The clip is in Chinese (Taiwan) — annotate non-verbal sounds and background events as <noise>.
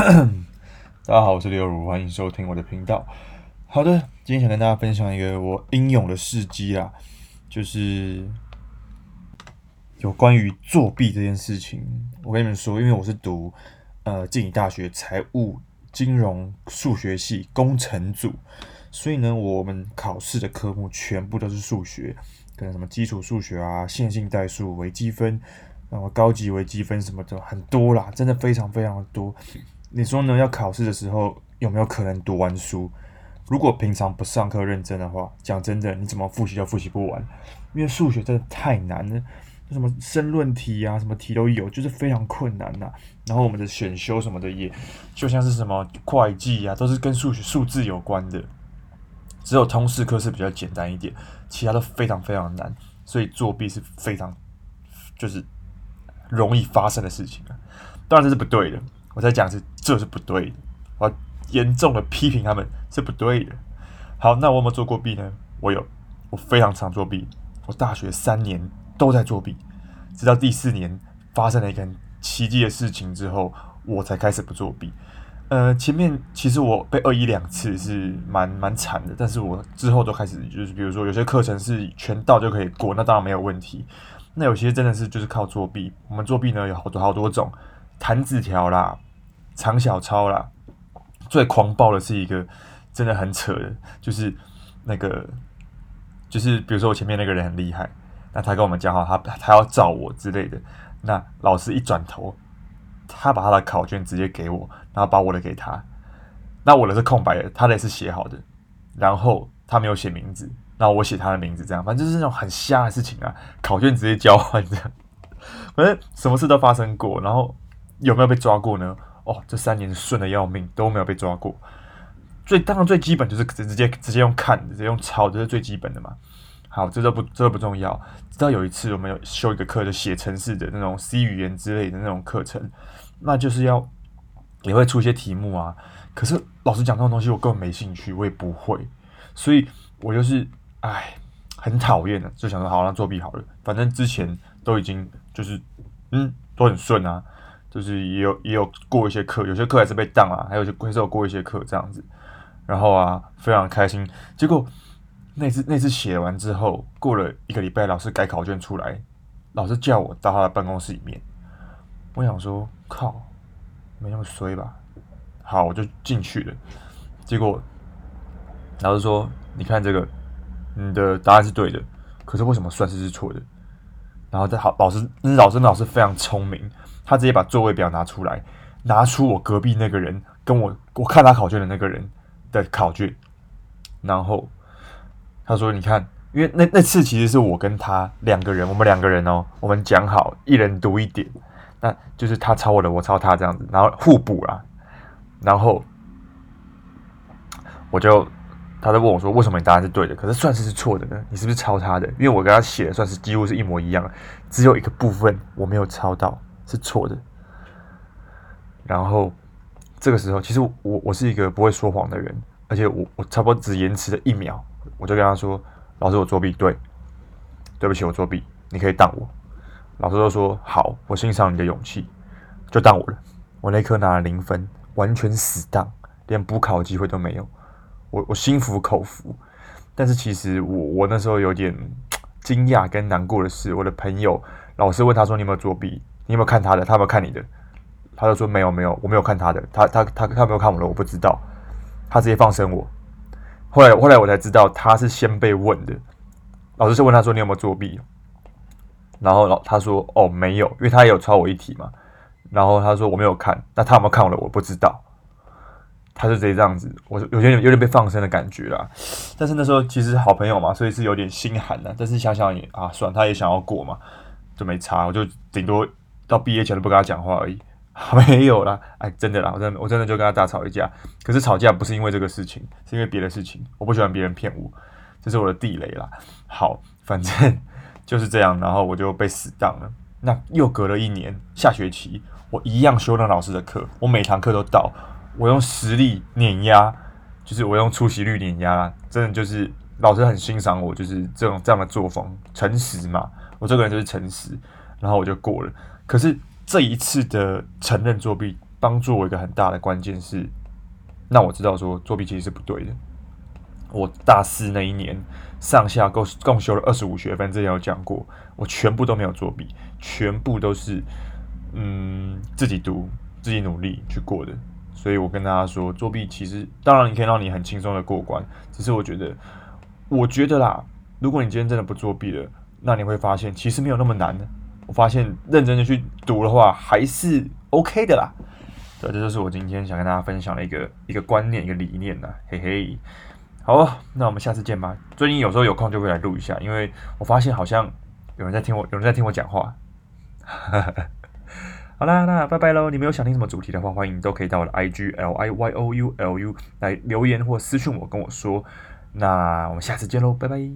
<coughs> 大家好，我是侑儒，歡迎收聽我的頻道。好的，今天想跟大家分享一個我英勇的事蹟啦，就是有關於作弊這件事情。我跟你們說，因為我是讀呃靜宜大學財務金融數學系工程組，所以呢，我們考試的科目全部都是數學，跟什麼基礎數學啊、線性代數、微積分，那麼高級微積分什麼的很多啦，真的非常非常的多。你說呢？要考試的時候有沒有可能讀完書？如果平常不上課認真的話，講真的，你怎麼複習都複習不完，因為數學真的太難了，什麼申論題啊，什麼題都有，就是非常困難吶、啊。然後我們的選修什麼的也，就像是什麼會計啊，都是跟數學數字有關的，只有通識課是比較簡單一點，其他都非常非常難，所以作弊是非常就是容易發生的事情啊。當然這是不對的，我在講是。這是不對的，我要嚴重的批評他們是不對的。好，那我有沒有做過弊呢？我有，我非常常作弊。我大學三年都在作弊，直到第四年發生了一個很奇蹟的事情之後，我才開始不作弊。呃，前面其實我被二一兩次是蠻蠻慘的，但是我之後都開始就是比如說有些課程是全到就可以過，那當然沒有問題。那有些真的是就是靠作弊。我們作弊呢，有好多好多種，彈紙條啦。藏小抄啦，最狂暴的是一個真的很扯的，就是那個就是比如說我前面那個人很厲害，那他跟我們講好他他要罩我之類的，那老師一轉頭，他把他的考卷直接給我，然後把我的給他，那我的是空白的，他的是寫好的，然後他沒有寫名字，那我寫他的名字，這樣反正就是那種很瞎的事情啊，考卷直接交換這樣，反正什麼事都發生過，然後有沒有被抓過呢？哦，這三年順的要命，都沒有被抓過。最當然最基本就是直直接直接用看，直接用抄，這是最基本的嘛。好，這都不這都不重要。直到有一次，我們有修一個課，就寫程式的那種 C 語言之類的那種課程，那就是要也會出一些題目啊。可是老師講這種東西，我根本沒興趣，我也不會，所以我就是哎，很討厭的，就想說好，那作弊好了，反正之前都已經就是嗯，都很順啊。就是也有也有過一些課，有些課還是被當了啊，還有些還是有過一些課這樣子。然後啊，非常開心。結果那次那次寫完之後，過了一個禮拜，老師改考卷出來，老師叫我到他的辦公室裡面。我想說，靠，沒那麼衰吧？好，我就進去了。結果老師說：“你看這個，你的答案是對的，可是為什麼算式是錯的？”然後再好，老師，老師，老師非常聰明，他直接把座位表拿出來，拿出我隔壁那個人跟我，我看他考卷，的那個人的考卷，然後他說：“你看，因為那那次其實是我跟他兩個人，我們兩個人哦，我們講好一人讀一點，那就是他抄我的，我抄他這樣子，然後互補啦、啊。然後我就。”他在問我說：“為什麼你答案是對的，可是算式是錯的呢？你是不是抄他的？因為我跟他寫的算式幾乎是一模一樣，只有一個部分我沒有抄到，是錯的。然後這個時候，其實我我，我是一個不會說謊的人，而且我我差不多只延遲了一秒，我就跟他說：‘老師，我作弊，對，對不起，我作弊，你可以當我。’老師就說：‘好，我欣賞你的勇氣，就當我了。’我那科拿了零分，完全死當，連補考機會都沒有。”我我心服口服，但是其實我我那時候有點驚訝跟難過的是，我的朋友老師問他說：“你有沒有作弊？你有沒有看他的？他有沒有看你的？”他就說：“沒有沒有，我沒有看他的。他他他他沒有看我的，我不知道。”他直接放生我。後來後來我才知道他是先被問的，老師是問他說：“你有沒有作弊？”然後老他說：“哦，沒有，因為他也有抄我一題嘛。”然後他說：“我沒有看，那他有沒有看我的？我不知道。”他就直接這樣子，我就有點有點被放生的感覺啦。但是那時候其實好朋友嘛，所以是有點心寒的。但是想想也啊，算他也想要過嘛，就沒差。我就頂多到畢業前都不跟他講話而已。啊，沒有啦。哎，真的啦，我真的我真的就跟他大吵一架。可是吵架不是因為這個事情，是因為別的事情。我不喜歡別人騙我，這是我的地雷啦。好，反正就是這樣。然後我就被死當了。那又隔了一年，下學期我一樣修了老師的課，我每堂課都到。我用實力碾壓，就是我用出席率碾壓，真的就是老師很欣賞我，就是這種這樣的作風，誠實嘛，我這個人就是誠實，然後我就過了。可是這一次的承認作弊，幫助我一個很大的關鍵是，讓我知道說作弊其實是不對的。我大四那一年，上下共共修了二十五學分，之前有講過，我全部都沒有作弊，全部都是嗯自己讀、自己努力去過的。所以，我跟大家說，作弊其實，當然你可以讓你很輕鬆的過關。只是我覺得，我覺得啦，如果你今天真的不作弊了，那你會發現其實沒有那麼難的。我發現認真的去讀的話，還是 OK 的啦。對，這就是我今天想跟大家分享的一個一個觀念，一個理念啦。嘿嘿，好，那我們下次見吧。最近有時候有空就會來錄一下，因為我發現好像有人在聽我，有人在聽我講話。 <laughs> 好啦，那拜拜嘍！你們有想聽什麼主題的話，歡迎都可以到我的 IG, I G L I Y O U L U 來留言或私訊我跟我說。那我們下次見嘍，拜拜。